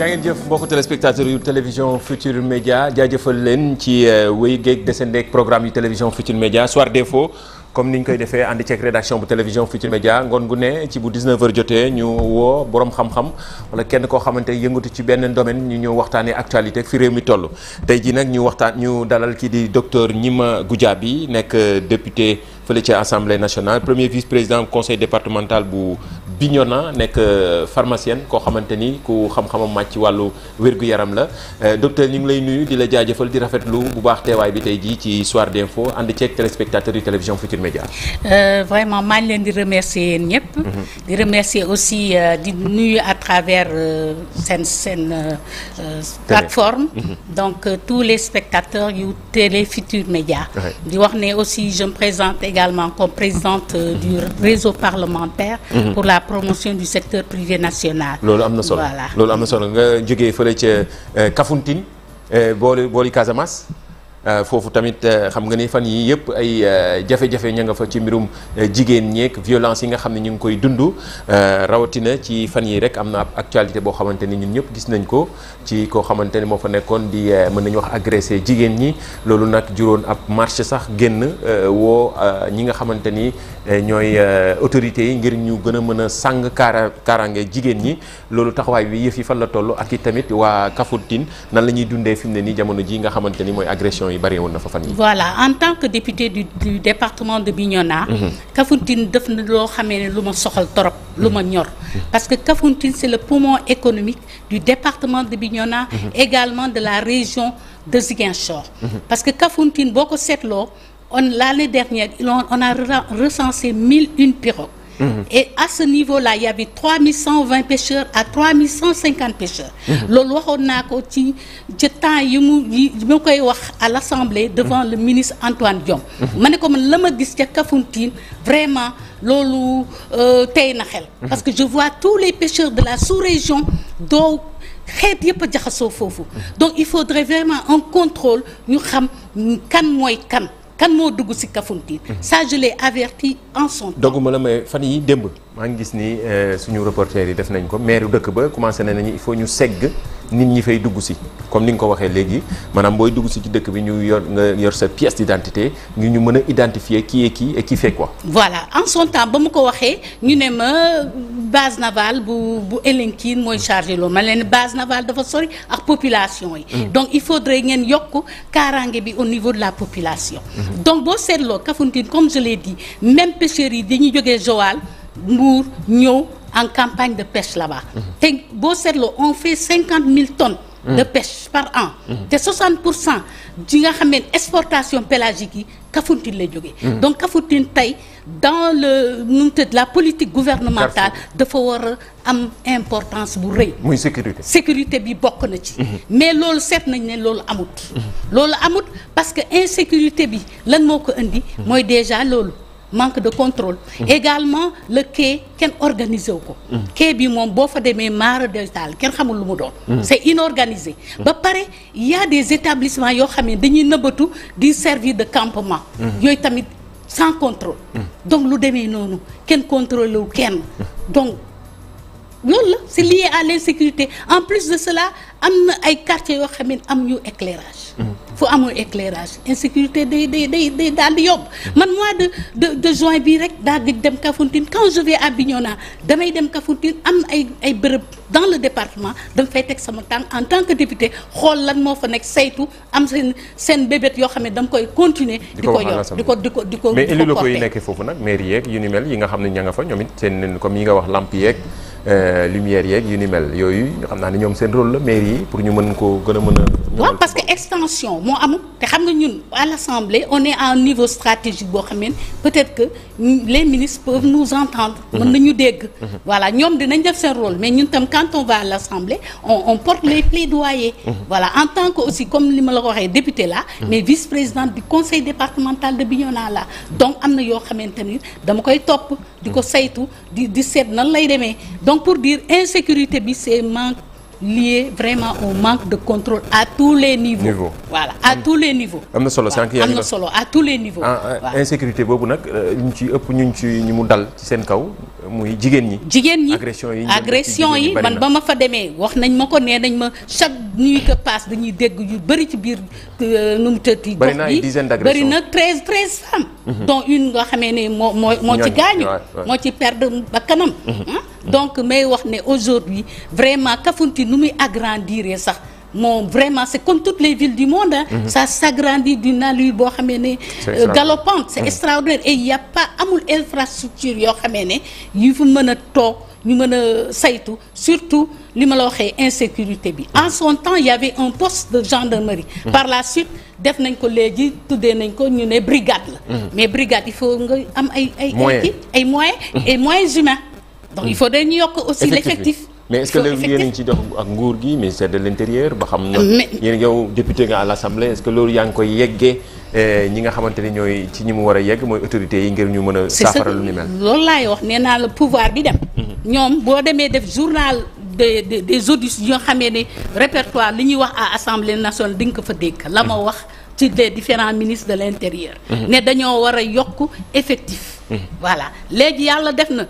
jaa ngeen jëf mbokku téléspectateur yu télévision Futur Média jaajëfal leen ci euh, wéy géeg desendeeg programme yu télévision Futur Média soir d'info comme ni ñu koy defee ànd ceeg rédaction bu télévision Futur Média ngoon gu ne ci bu 19h jotee ñu woo borom xam-xam wala kenn koo xamante yëngatu ci benn domaine ñu ñëw waxtaanee actualité fi réew mi toll. tey jii nag ñu waxtaan ñu dalal kii di docteur Gnima Goudiaby nekk euh, député fële ci assemblée nationale premier vice président conseil départemental bu. Bignona nekk euh, pharmacienne koo xamante ni ku xam-xamam màcc ci wàllu wér yaram la euh, docteur ñu ngi lay nuyu di la jaajëfal di rafetlu bu baax teewaay bi tey jii ci soir d'info ànd ceeg téléspectateurs yu télévision Futurs Médias euh, vraiment maa leen di remercier yéen ñëpp mhm. di remercier aussi di nuyu à travers seen seen plateforme mhm. donc tous les spectateurs yu télé Futurs Médias di wax ne aussi je me présente également comme présidente du réseau parlementaire mhm. pour la promotion du secteur privé national. loolu am na solo voilà loolu am na solo nga jógee fële ca eh, Kafountine eh, boori boori casamas Euh, foofu tamit euh, xam nga ni fan yii yëpp ay euh, jafe-jafe ña nga fa ci mbirum jigéen ñeeg violence yi nga xam ne ñu ngi koy dund rawatina ci fan yii rek am na ab actualité boo xamante ni ñun ñëpp gis nañ ko ci koo xamante ni moo fa nekkoon di mën nañu wax agressé jigéen ñi loolu nag juróon ab marché sax génn woo ñi nga xamante ni ñooy autorités yi ngir ñu gën a mën a sàng kaara kaaraange jigéen ñi loolu taxawaay bi yëf yi fan la toll ak i tamit waa Kafountine nan la ñuy dundee fi mu ne nii jamono ji nga xamante mooy agression yi bari woon na fa fan yi voilà en tant que député du, du département de Bignona. Mhm. Kafountine def na loo xamee ne lu ma soxal torop lu ma ñor. Mhm. parce que Kafountine c'est le poumon économique du département de Bignona. Mhm. également de la région de Ziguinchor. parce que Kafountine boo ko seetloo on l'année dernière on a recensé mille Mmh. et à ce niveau-là il y avait 3120 pêcheurs à 3150 pêcheurs. Mm-hmm. loolu waxoon naa ko ci ci temps yi mu ma koy wax à l'Assemblée devant mm-hmm. le ministre Antoine Diome. Mm-hmm. ma ne ko man la ma gis ca Kafountine vraiment loolu euh, tey na xel. parce que je vois tous les pêcheurs de la sous-région doo xeet yëpp a jaxasoo foofu. donc il faudrait vraiment un contrôle ñu xam kan mooy kan. kan moo dugg si Kafountine. Mhm. ça je l'ai averti en son temps. doguma la mais fan yi démb. maa ngi gis ni euh, suñu reporter yi def nañ ko maire dëkk ba commencé na nañu il faut ñu segg nit ñi fay dugg si comme ni nga ko waxee léegi maanaam booy dugg si ci dëkk bi ñu yor nga yor sa pièce d'identité ngir ñu mën a identifier qui est qui et qui voilà en son temps ba mu ko waxee ñu ne ma base navale bu bu Elinkine mooy chargé loolu ma leen base navale dafa sori ak population yi. Mm-hmm. donc il faudrait ngeen yokk kaaraange bi au niveau de la population. Mm-hmm. donc boo seetloo Kafountine comme je l'ai Mbour ñëw en campagne de peche la baax te boo seetloo on fait cinquante mille tonnes. de pêche par an. te 60 pour cent ji nga xam ne exportation pélagique yi Kafountine lay jógee. donc Kafountine tey dans le nu mu tëdd la politique gouvernementale. dafa war a am importance bu rëy. muy sécurité. sécurité bi bokk na ci. mais loolu seet nañ ne loolu amut. loolu amut parce que insécurité bi lan moo ko indi. mooy déjà loolu. manque de contrôle mm-hmm. également le quai kenn organisé wu ko mm-hmm. quai bi moom boo fa demee maara détail kenn xamul lu mu doon mm-hmm. c'est inorganisé ba pare y des établissements yoo xam ne dañuy nëbbatu di servir de campement yooyu tamit sans contrôle donc lu demee noonu kenn contrôlé wu kenn donc loolu la si lié à l'insécurité en plus de cela am na ay quartiers yoo xam ne am ñu éclairage fu amul éclairage insécurité day day day day daal di yóbbu man mois de de de juin bi rek daal di dem Kafountine quand je vais à Bignona damay dem Kafountine am ay ay bërëb dans le département dama fay teg sama tànk en tant que député xool lan moo fa nekk saytu am seen seen bébét yoo xam ne dama koy continuer di ko yor di ko di ko di ko mais élus locaux yi nekkee foofu nag mairie yeeg yu ni mel yi nga xam ne ña nga fa ñoom it seen comme yi nga wax lamp yeeg Euh, lumière yeeg yu ni mel yooyu xam naa ne ñoom seen rôle la mairie yi pour ñu mën ko gën a mën a. waaw parce que extension moo te xam nga ñun à l'assemblée on est à un boo xam ne peut-être que les ministres peuvent nous entendre. Mhm. mën nañu dégg. Mhm. voilà ñoom dinañ def seen rôle mais ñun tam quand on va à l'assemblée on on porte les plaidoyers. Mhm. voilà en tant que aussi comme li ma la ko waxee député la. mais vice-présidente du conseil départemental de Bignona la donc am na yoo xamante ni dama koy topp. di ko saytu di di seet nan lay demee. donc pour dire insécurité bi c'est manque lié vraiment au manque de contrôle à tous les niveaux. Niveau. à am, tous les niveaux. am na solo sànq yaa am na solo à tous les niveaux. Ah, insécurité boobu nag euh, ñu ci ëpp ñu ci ñu mu dal ci seen kaw muy jigéen ñi. jigéen ñi agression yi man ba ma fa demee wax nañ ma ko nee nañ ma chaque nuit que passe dañuy dégg yu bëri ci biir euh, nu mu tëddi. gox bi bëri na treize treize femmes. Mhm. dont une nga xamee ni moo moo moo ci gaañu. moo ci perdre ba kanam. Mhm. Ah. donc may wax ne aujourd'hui vraiment Kafountine nu muy agrandir sax. moom vraiment c'est comme toutes les villes du monde ah mm -hmm. ça s'agrandit d'une allure boo xamee ne euh, galopante c'est mhm. extraordinaire et y a pas amul infrastructure yoo xamee ne yu fa mën a toog ñu mën a saytu surtout li ma la waxee insécurité bi en son temps il y avait un poste de gendarmerie mhm. par la suite def nañ ko léegi tuddee nañ ko ñu ne brigade la mhm. mais brigade il faut nga am ay ay ay moyens et moyens humains donc il faut ñu yokk aussi l'effectif mais est-ce que léegi yéen a ngi ci dox ak nguur gi ministère de l'intérieur ba xam na yéen yow nga eh, ñi nga xamante ni ñooy ci ñi mu war a yegg mooy autorités yi ngir ñu mën a saafara lu ni mel loolu laay wax nee naa la pouvoir bi dem mhm. ñoom boo demee def journal des des des auditions yoo xamee ne répertoire li ñuy wax à assemblée nationale di nga ko fa dégg la ma mhm. wax ci les différents ministres de l'intérieur mhm. ne dañoo war a yokk effectif voilà léegi yàlla def na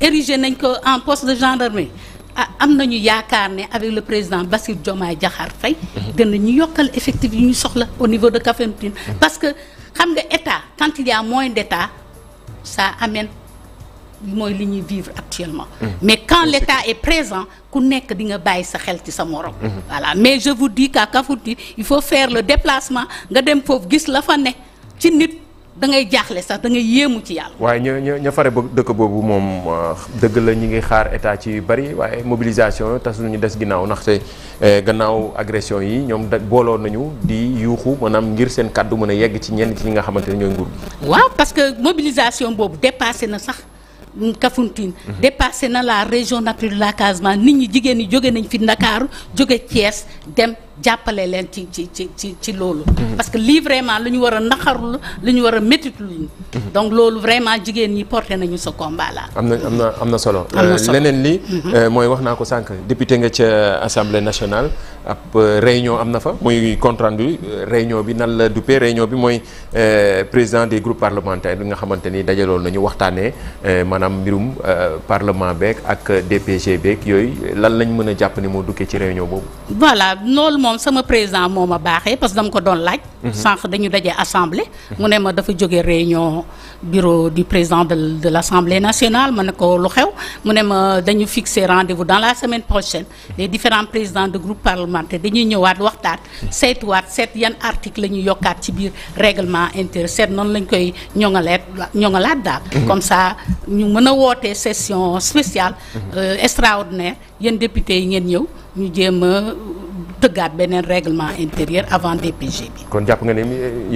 érigé nañ ko en poste de gendarmerie Ah, am nañu yaakaar ne avec le président Bassirou Diomaye gën Faye ñu yokkal effectif yu ñu soxla au niveau de Kafountine parce que xam nga état quand il y a moins d'état ça amène mooy li ñuy vivre actuellement mm-hmm. mais quand oui, l'état est... présent ku nekk dinga bàyyi sa xel ci sa morom mm-hmm. voilà mais je vous dis qu'à Kafountine il faut faire le déplacement nga dem foofu gis la fa ne ci nit da ngay jaaxle sax da yéemu ci yàlla. waaye ña ña ña fare ba dëkk boobu moom euh, dëgg la ñu ngi xaar état ci yu bari waaye mobilisation tas lu ñu des ginnaaw ndaxte euh, gannaaw agression yi ñoom da booloo nañu di yuuxu maanaam ngir seen kàddu mën a yegg ci ñenn ci ñi nga xamante ne ñooy nguur gi. waaw parce que mobilisation boobu dépassé na sax. Kafountine mhm. dépassé na la région naturelle de la Casamance nit ñi jigéen ñi jóge nañ fi Ndakaaru jóge Thiès dem jàppale leen ci ci ci ci ci loolu. parce que lii vraiment lu ñu war a naqarlu lu ñu war a métitlu donc loolu vraiment jigéen ñi porté nañu sa combat am na am na am na solo. Euh, leneen li mhm. euh, mooy wax naa ko sànq député nga ca assemblée nationale ab euh, réunion am na fa muy compte rendu réunion bi nan la duppee réunion bi mooy président des groupes parlementaires bi nga xamante ni dajaloon nañu waxtaanee maanaam mbirum parlement beeg ak DPG beeg yooyu lan lañ mën a jàpp ni moo dukkee ci réunion boobu. moom sama président moo ma baaxee parce que dama ko doon laaj. Mhm. sànq dañu daje assemblée. mu ne ma dafa jóge réunion bureau du président de de l' assemblée nationale ma ne ko lu xew mu ne ma dañu fixer rendez-vous dans la semaine prochaine les différents présidents de groupe parlementaire dañuy ñëwaat waxtaan seetuwaat seet yan article la ñu yokkaat ci biir règlement intérieur seet noonu lañ koy ñoŋaleet ñoŋalaat daal. Mhm. comme ça ñu mën a wootee session spéciale. Mhm. Euh, extraordinaire tëggaat beneen réglement intérieur avant DPG bi. kon jàpp nga ne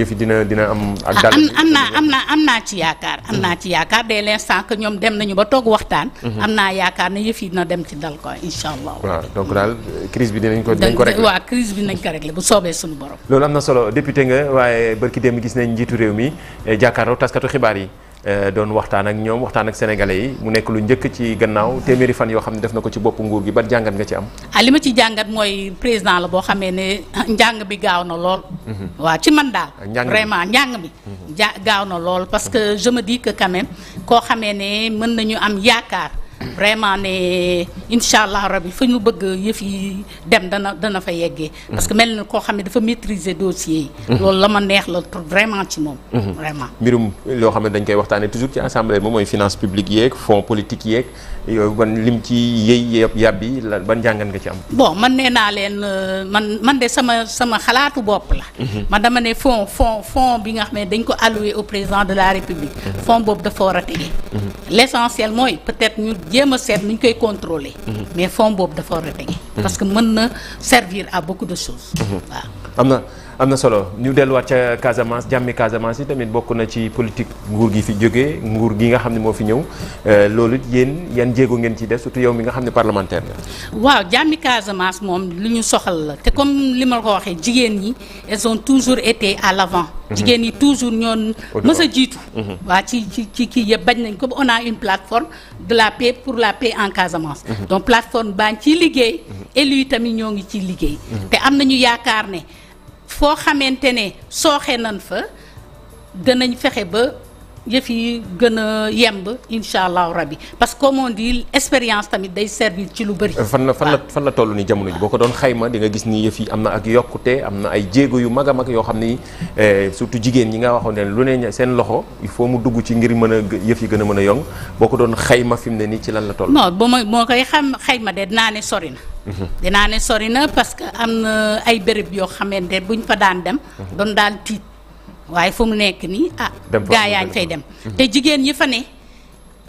yëf yi dina dina am. ak dal ah, am naa am naa ci yaakaar. am naa ci yaakaar dès l'instant que ñoom dem nañu ba toog waxtaan. Mhm. am naa yaakaar ne yëf yi dina dem ci dal quoi incha allah. waaw donc daal crise bi dinañ ko dinañ ko rek waa crise bi nañ ko régler bu soobee suñu borom. loolu am na solo député nga waaye barki dem gis nañ njiitu réew mi eh, jàkkaarloo taskatu xibaar yi. Euh, doon waxtaan ak ñoom waxtaan ak sénégalais yi mu nekk lu njëkk ci gannaaw téeméeri fan yoo xam ne def na ko ci bopp nguur gi ban jàngat nga ci am. ah li ma ci jàngat mooy président la boo xamee ne njàng bi gaaw na lool. Mhm. waaw ci man daal. vraiment njàng bi. Mhm. ja gaaw na lool parce que je me dis que quand même koo xamee ne mën nañu am yaakaar. vraiment ne incha allah rabi fa ñu bëgg yëf yi dem dana dana fa yeggee. parce que mel na koo xam ne dafa maîtriser dossier yi. Mhm. loolu la ma neex la vraiment ci moom. Mhm. vraiment mbirum loo xam ne dañ koy waxtaanee toujours ci assemblée moom mooy finance publique yeeg fonds politique yeeg yooyu ban lim ci yëy yàbb yi ban jàngan nga ci am. bon man nee naa leen euh, man man de sama sama xalaatu bopp la. Mhm. man dama ne fonds fonds fonds bi nga xam ne dañ ko alloué au président de la république. fonds boobu dafa war a jéem a seet nuñ koy contrôler mhm. mais fonds boobu dafa war a tege mhm. parce que mën na servir à beaucoup de choses mhm. waaw am na am na solo ñu delluwaat ca Casamance jàmmi Casamance yi tamit bokk na ci politique nguur gi fi jógee nguur gi nga xam ne moo fi ñëw euh, loolu it yéen yan jéego ngeen ci def surtout yow mi nga xam ne parlementaire nga. waaw jàmmi Casamance moom li ñu soxal la te comme li ma ko waxee jigéen ñi elles ont toujours été à l'avant mhm. jigéen ñi toujours ñoon mës a jiitu. Mhm. waa ci ci ci kii yëpp bañ nañ ko on a une plateforme de la paix pour la paix en Casamance. Mhm. donc plateforme baa ngi ciy liggéey. élu yi tamit ñoo ngi ciy liggéey. te am nañu yaakaar ne. foo xamante ne sooxe nan fa danañ fexe ba yëf yi gën a yemb incha allahu rabi parce que comme on dit expérience tamit day servir ci lu bëri. fan la fan la fan la toll nii jamono ji boo ko doon xayma di nga gis ni yëf yi am na ak yokkute am na ay jéego yu mag a mag yoo xam ni eh, surtout jigéen ñi nga waxoon ne lu ne seen loxo il faut mu dugg ci ngir mën a yëf yi gën a mën a yong boo ko doon xayma fi mu ne nii ci lan la toll. non ba ma moo koy xam xayma de dinaa ne sori na. Mhm. dinaa ne sori na parce que am na ay béréb yoo xamante buñ fa daan dem. Mhm. doon waaye fu mu nekk nii ah. gaa yaa ñ fay dem. Mhm. te jigéen ñi fa ne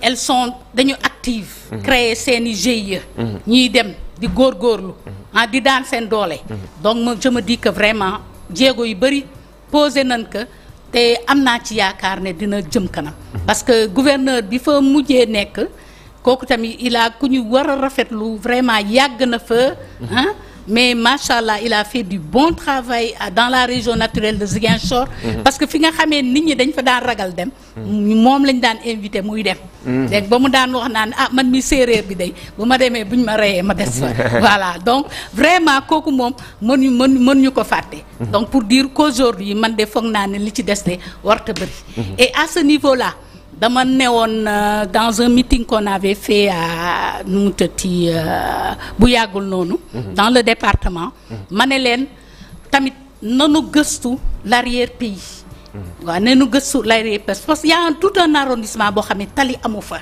elles sont dañu actives. Mhm. créer seen i GIE. Mhm. ñuy dem di góorgóorlu. ah di daan seen doole. donc ma je me dis vraiment jéego yu bëri posé nañ ko te am naa ci yaakaar ne dina jëm kanam. parce que gouverneur bi fa mujjee nekk kooku tamit il ku ñu war a rafetlu vraiment yàgg na fa. Ah, mais macha allah il a fait du bon travail dans la région naturelle de Ziguinchor. Mhm. parce que fi nga xamee nit ñi dañ fa daan ragal dem. Mhm. moom lañ daan invité muy dem. Mhm. léegi ba mu daan wax naan ah man mi séeréer bi day bu ma demee buñ ma reyee ma des fa. voilà donc vraiment kooku moom mën ñu mën mën ñu ko fàtte. donc pour diir dire qu'aujourd'hui man de foog naa ne li ci des de warta bëri. et à ce niveau là. dama newoon euh, dans un meeting qu'on avait fait à nu mu euh, bu yàggul noonu. Mhm. dans le département. Mhm. ma ne leen tamit nanu gëstu l'arrière pays. Mhm. waaw nee nu gëstu l'arrière pays parce que y tout un arrondissement boo xam ne tali amu fa.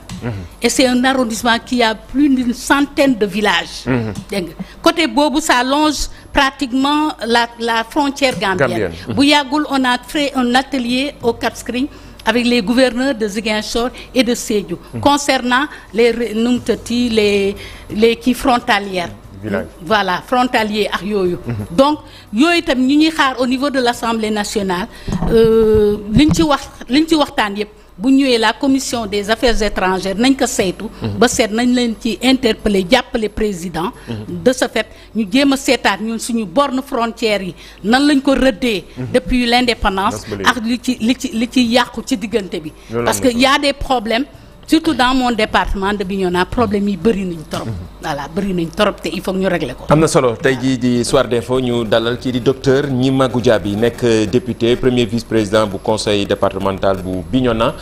et c'est un arrondissement qui a plus d'une centaine de villages. dégg côté boobu sa longe pratiquement la la frontière gambienne. bu yàggul on a fait un atelier au Cap Skirring. avec les gouverneurs de Ziguinchor et de Sédhiou. Mmh. concernant les nu mu tëddi les les kii frontalières. Village. voilà frontalier ak yooyu. donc yooyu itam ñu ñuy xaar au niveau de l'Assemblée nationale euh, liñ ci wax liñ ci waxtaan yépp. bu ñëwee la commission des affaires étrangères nañ ko saytu. Mhm. ba seet nañ leen ci interpeller jàppale président. Mhm. de ce fait ñu jéem a seetaat ñun suñu borne frontière yi nan lañ ko rëddee. Mhm. depuis l' indépendance ak li ci li ci li ci yàqu ci diggante bi. parce que yaa a des problèmes. surtout dans mon département de Bignona problème yi bëri nañ trop. voilà bëri nañ trop te il faut ñu régler ko. am na solo tey jii di Soir d'info ñu dalal kii di docteur Gnimagou Diaby nekk député premier vice président bu conseil départemental bu Bignona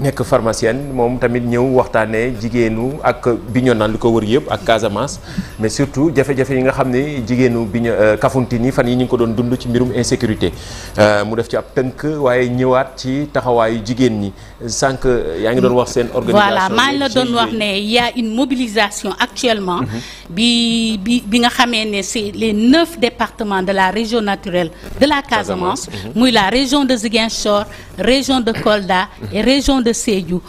nekk pharmacienne moom tamit ñëw waxtaanee jigéenu ak Bignona li ko wër yëpp ak Casamance mais surtout jafe-jafe yi nga xam ne jigéenu Bigno euh, Kafountine fan yi ñu ngi ko doon dund ci mbirum insécurité euh, mu def ci ab tënk waaye ñëwaat ci taxawaayu jigéen ñi sànq yaa ngi doon wax seen voilà maa ngi la doon wax ne y a une mobilisation actuellement. Mm-hmm. bi bi bi nga xamee ne c'est les neuf départements de la région naturelle de la Casamance. Mm-hmm. muy la région de Ziguinchor région de colda mm-hmm. et région de Sédhiou.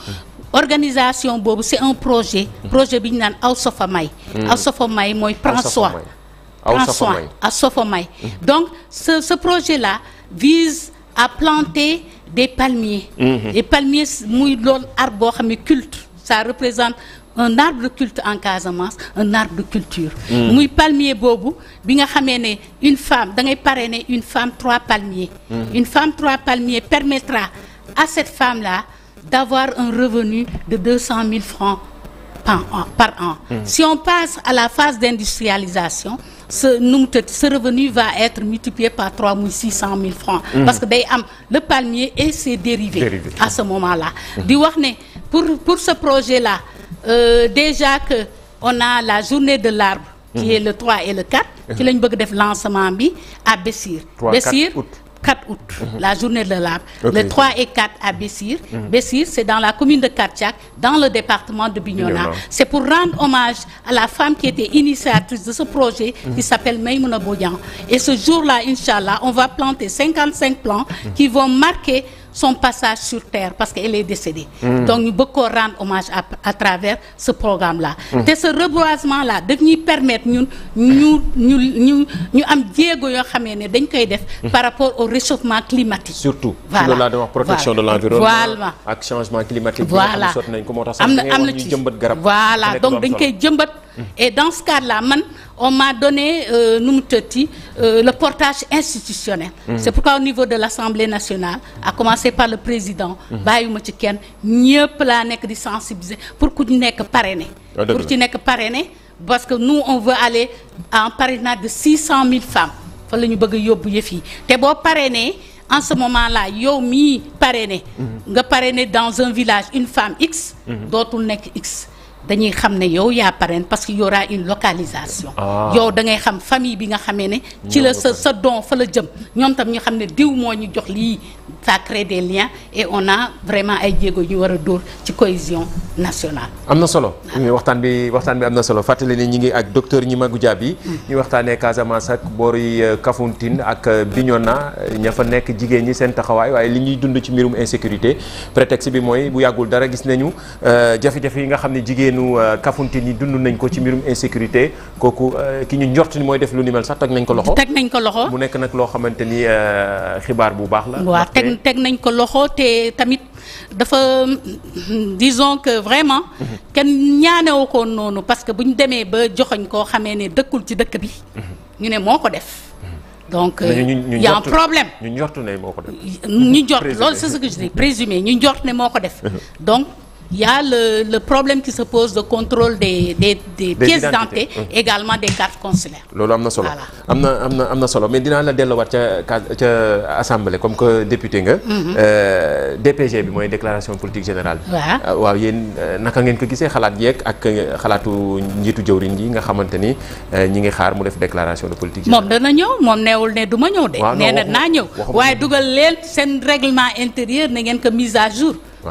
organisation boobu c'est un projet projet bi ñu naan aw sofa may aw sofa may mooy prends soin prends sofa may donc ce projet là vise à planter des palmiers. Mhm. et palmiers muy lon arbre boo xam ne culte ça représente un arbre de culte en Casamance un arbre de culture. Mhm. muy palmier boobu bi nga xamee ne une femme da ngay parrainer une femme trois palmiers. Mhm. une femme trois palmiers permettra à cette femme là d'avoir un revenu de deux cent mille francs par an par an. si on passe à la phase d'industrialisation sa nu mu tëdd sa revenu va être multiplié par trois mille cent mille francs mhm. parce que day am le palmier et ses Dérivé. à ce moment là di wax ne pour pour ce projet là euh, déjà que on a la journée de l'arbre qui mhm. est le trois et le 4 ci mhm. lañ bëgg def lancement bi à Bessir Bessir 4 août. Mmh. de l'arbre. Okay. le 3 et 4 mhm. la commune de Kartiak dans le département de Bignona. Bignona. c'est pour rendre hommage à la femme qui était initiatrice de ce projet. Mmh. qui s'appelle Maïmouna Bodian. et ce jour-là, Inch'Allah, on va planter 55 plants mhm. qui vont marquer. son passage sur terre parce qu'elle est décédée. Mm. donc ñu bëgg koo rendre hommage à, à travers ce programme là. Mm. te ce reboisement là daf ñuy permettre ñun ñu ñu ñu ñu am jéego yoo xamee ne dañ koy def. Mm. par rapport au réchauffement climatique. surtout voilà loolu laa wax protection de l'environnement. voilà ak changement climatique. voilà am na am na ci voilà donc dañ koy jëmbat. et dans ce man on m'a donné euh, nu mu tëtti euh, le portage institutionnel. Mhm. c'est pourquoi au niveau de l'Assemblée nationale à commencer par le président. Mhm. bàyyiwuma ci kenn ñëpp laa nekk di sensibiliser pour ku nekk parrainé. Ah, pour ci nekk parrainé parce que nous on veut aller en parrainage de cent mille femmes fa la ñu bëgg a yóbbu yëf yi te boo parrainé. en ce moment là yow mii parrainé. Mhm. nga parrainé dans un village une femme X. dootul nekk X. dañuy xam ne yow yaa parrain parce que y aura une localisation. Ah. yow da ngay xam famille bi nga xamee ne. ci la sa sa don fa la jëm. ñoom tam ñu xam ne diw moo ñu jox lii ça crée lien et on a vraiment ay jéego ñu war a dóor ci cohésion nationale. am na solo ah. waxtaan bi waxtaan bi am na solo fàttali ne ñu ngi ak docteur Gnimaguou Diaby. Mm. ñu waxtaanee Casamance ak boori euh, Kafountine ak euh, Bignona ña fa nekk jigéen ñi seen taxawaay waaye li ñuy dund ci mbirum insécurité prétexte bi mooy bu yàggul dara gis nañu euh, jafe yi nga jigéenu euh, Kafountine yi dund nañ ko ci mbirum insécurité kooku euh, ki ñu njort ni mooy def lu ni mel sax teg nañ ko loxo. teg nañ ko loxo mu nekk nag loo xamante ni euh, xibaar bu baax la. waaw teg teg nañ ko loxo te tamit dafa disons que vraiment. Mhm. kenn ñaanewu ko noonu parce que bu ñu demee ba joxoñ koo xamee ne dëkkul ci dëkk bi. Mhm. ñu ne moo ko def. Mhm. donc y a un problème ñu njort ne moo ko def. ñu njort loolu c'est ce que je dis présumé ñu njort ne moo ko def il y a le, le problème qui se pose de contrôle des des des, des pièces d'identité mmh. également des cartes consulaires. loolu am na solo am na am na solo mais dinaa la delluwaat ca ca assemblée comme que député nga. Mhm. Euh, DPG bi mooy déclaration politique générale. waaw euh, waaw yéen euh, naka ngeen ko gisee xalaat yeeg ak xalaatu njiitu jëwriñ ji nga xamante ni ñi ngi xaar mu def déclaration de politique générale. moom dana ñëw moom neewul ne du ñëw de. nee na naa ñëw waaye dugal leen seen règlement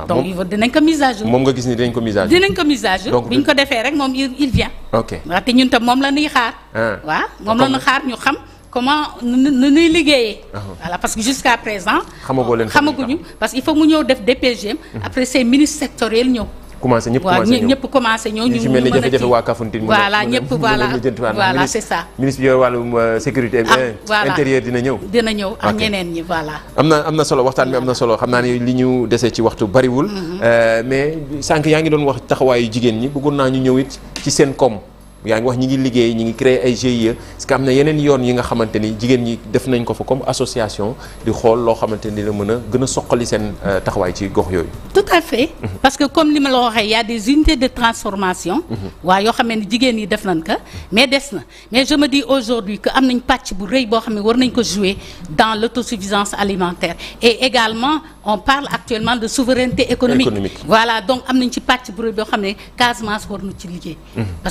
donc dinañ ko mise à jour moom nga gis ni dinañ ko mise dinañ ko mise à jour bi ñu ko defee rek moom il vient ok waaw te ñun tam moom la ñuy xaar ah. waaw ah, moom la ñuy xaar ñu xam comment nu nuy liggéeyee ah. voilà parce que jusqu'à présent xamaguñu parce que il faut mu ñëw def DPGM mm-hmm. après ces ministres sectoriels ñëw commencé ñëpp commencé ñëw ñëpp commencé ñu ci mel ni jafe-jafe waa Kafountine voilà ñëpp voilà voilà c'est ça ministre bi yor wàllum euh, sécurité ah, eh, intérieur dina ñëw dina ñëw ak ñeneen ñi am na am na solo waxtaan bi am na solo xam naa ni li ñu dese ci waxtu bariwul mm-hmm. euh, mais sànq yaa ngi doon wax taxawaayu jigéen ñi bëggoon naa ñu ñëw it ci seen kom yaa ngi wax ñi ngi liggéey ñi ngi créer ay GIE parce que am na yeneen yoon yi nga xamante ni jigéen ñi def nañ ko fa comme association di xool loo xamante ni la mën a gën a soqali seen euh, taxawaay ci gox yooyu. tout à fait. Mhm. parce que comme li ma la waxee y a des unités de transformation. Mhm. waaw yoo xam ne jigéen yi def nañ ko mais des na mais je me dis aujourd'hui que am nañ pàcc bu rëy boo xam ne war nañ ko jouer dans l'autosuffisance alimentaire et également on parle actuellement de souveraineté économique. économique. voilà am nañ ci pàcc bu rëy boo xam ne Casamance war na ci liggéey. Mhm.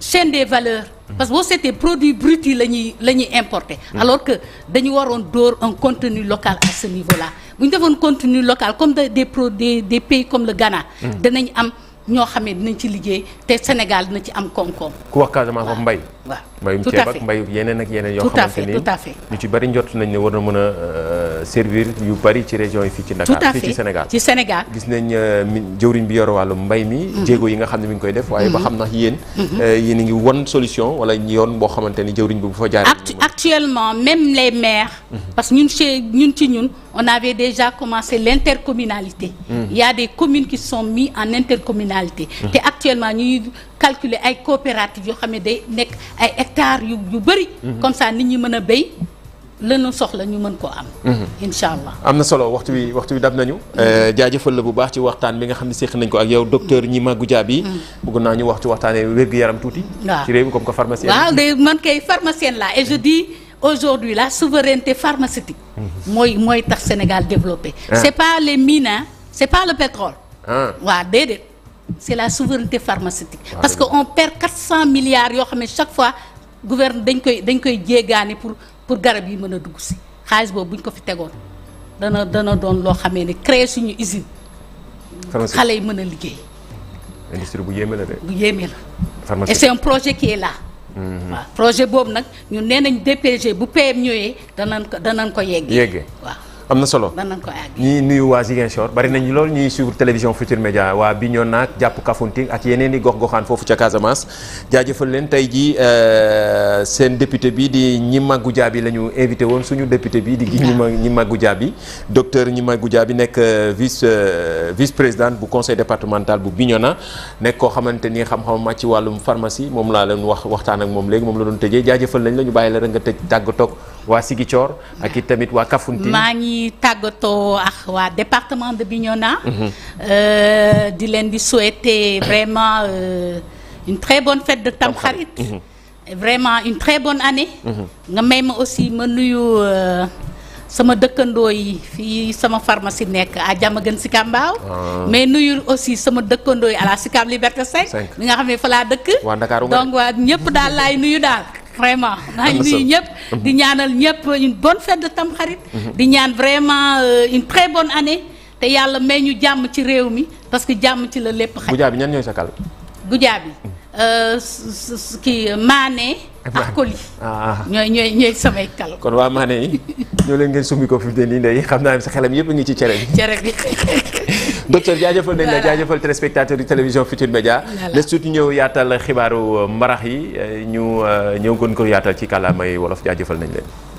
chaîne des valeurs parce que boo seetee produit brut yi la ñuy la ñuy importer mm. alors que dañu waroon dóor un contenu local à ce niveau là bu ñu defoon contenu local comme des des des pays comme le Ghana mm. danañ am ñoo xamee dinañ ci liggéey te Sénégal dina ci am koom-koom ku wax Casamance wax mbay waaw mbayum ceeb ak ak yeneen yoo xamante ni tout à fait ñu bari njort nañ ne war euh, ci région yi fii ci Dakar fii ci Sénégal ci Sénégal gis nañ euh, jëwriñ bi yor wàllu mbay mi mhm. jéego yi nga xam ne mi ngi koy def waaye ba mhm. xam nax yéen mhm. euh, yéen a ngi won solution wala yoon boo xamante ni jëwriñ bi bu fa jaaree actuellement même les maires parce que ñun ci ñun ci ñun on avait déjà commencé l'intercommunalité il y a des communes qui sont mises en intercommunalité te actuellement ñuy calculer ay coopératives yoo xam ne day nekk ay hectares yu yu bëri. Mhm. comme ça nit ñi mën a béy lanu soxla ñu mën ko am. Mhm. incha allah am na solo waxtu wi waxtu wi dab nañu. Mhm. Eh, jaajëfal la bu baax ci waxtaan bi nga xam ne séq nañ ko ak yow docteur Gnima Goudiaby. bëgg naa ñu wax ci waxtaanee wér-gu-yaram tuuti. waaw ci réew mi comme que pharmacienne. waaw day man kay pharmacienne laa et je dis. aujourd'hui la souveraineté pharmaceutique mooy mooy tax Sénégal développé ah. c'est pas les mines c'est pas le pétrole ah. waaw c'est la souveraineté pharmaceutique parce que on perd 400 milliards yoo xam ne chaque fois gouverne dañ koy dañ koy jéegaani pour pour garab yi mën a dugg si xaalis boobu bu ñu ko fi tegoon dana dana doon loo xamee ni créer suñu usine xale yi mën a liggéey industrie bu yéeme la de bu yéeme la et un projet qui est là mm-hmm. projet boobu nag ñun nee nañ DPG bu PM ñëwee danañ ko danañ ko yeggee yeggee waaw am na solo ñi nuyu waa Ziguinchor bari nañu lool ñuy suivre télévision Futur Média waa Bignona ak jàpp Kafountine ak yeneen i gox-goxaan foofu ca Casamance jaajëfal leen tey jii euh, seen député bi di Gnimagou Diaby la ñu invité woon suñu député bi di ñi Gnimagou Diaby docteur Gnimagou Diaby nekk euh, vice euh, vice président bu conseil départemental bu Bignona nekk koo xamante ni xam-xam ma ci wàllum pharmacie moom laa leen wax waxtaan ak moom léegi moom la doon tëjee jaajëfal nañ la ñu bàyyi la rek nga tëj tàggatoo waa Ziguinchor ak it tamit waa Kafountine maa ngi tàggatoo ak waa département de Bignona mhm. euh, di leen di souhaiter vraiment euh, une très bonne fête de Tamxarit mhm. vraiment une très bonne année mhm. nga may ma aussi ma nuyu euh, sama dëkkandoo yi fi sama pharmacie nekk à Diamaguène Sicap Mbao ah. mais nuyu aussi sama dëkkandoo yi à la Liberté 5 mi nga xam fa laa dëkk donc waa ñëpp daal laay nuyu daal vraiment maa ngi nuyu ñëpp di ñaanal ñëpp une bonne fête de Tamxarit mhm. di ñaan vraiment euh, une très bonne année te yàlla may ñu jàmm ci réew mi parce que jàmm ci la lépp bu gujaa bi ñan ñooy sa bu gujaa bi kii Mané ak Koli ah. ñooy ñooy ñooy samay kal kon waa Mané yi ñoo leen ngeen summi ko fi ne nii ndey xam naa ne sa xelam yëpp a ngi ci cere bi cere bi docteur jaajëfal nañ la jaajëfal téléspectateur du télévision Futur Média les suite ñëw yaatal xibaaru marax yi ñu euh, ñëw gën ko yaatal ci kàllaamay wolof jëfal nañ leen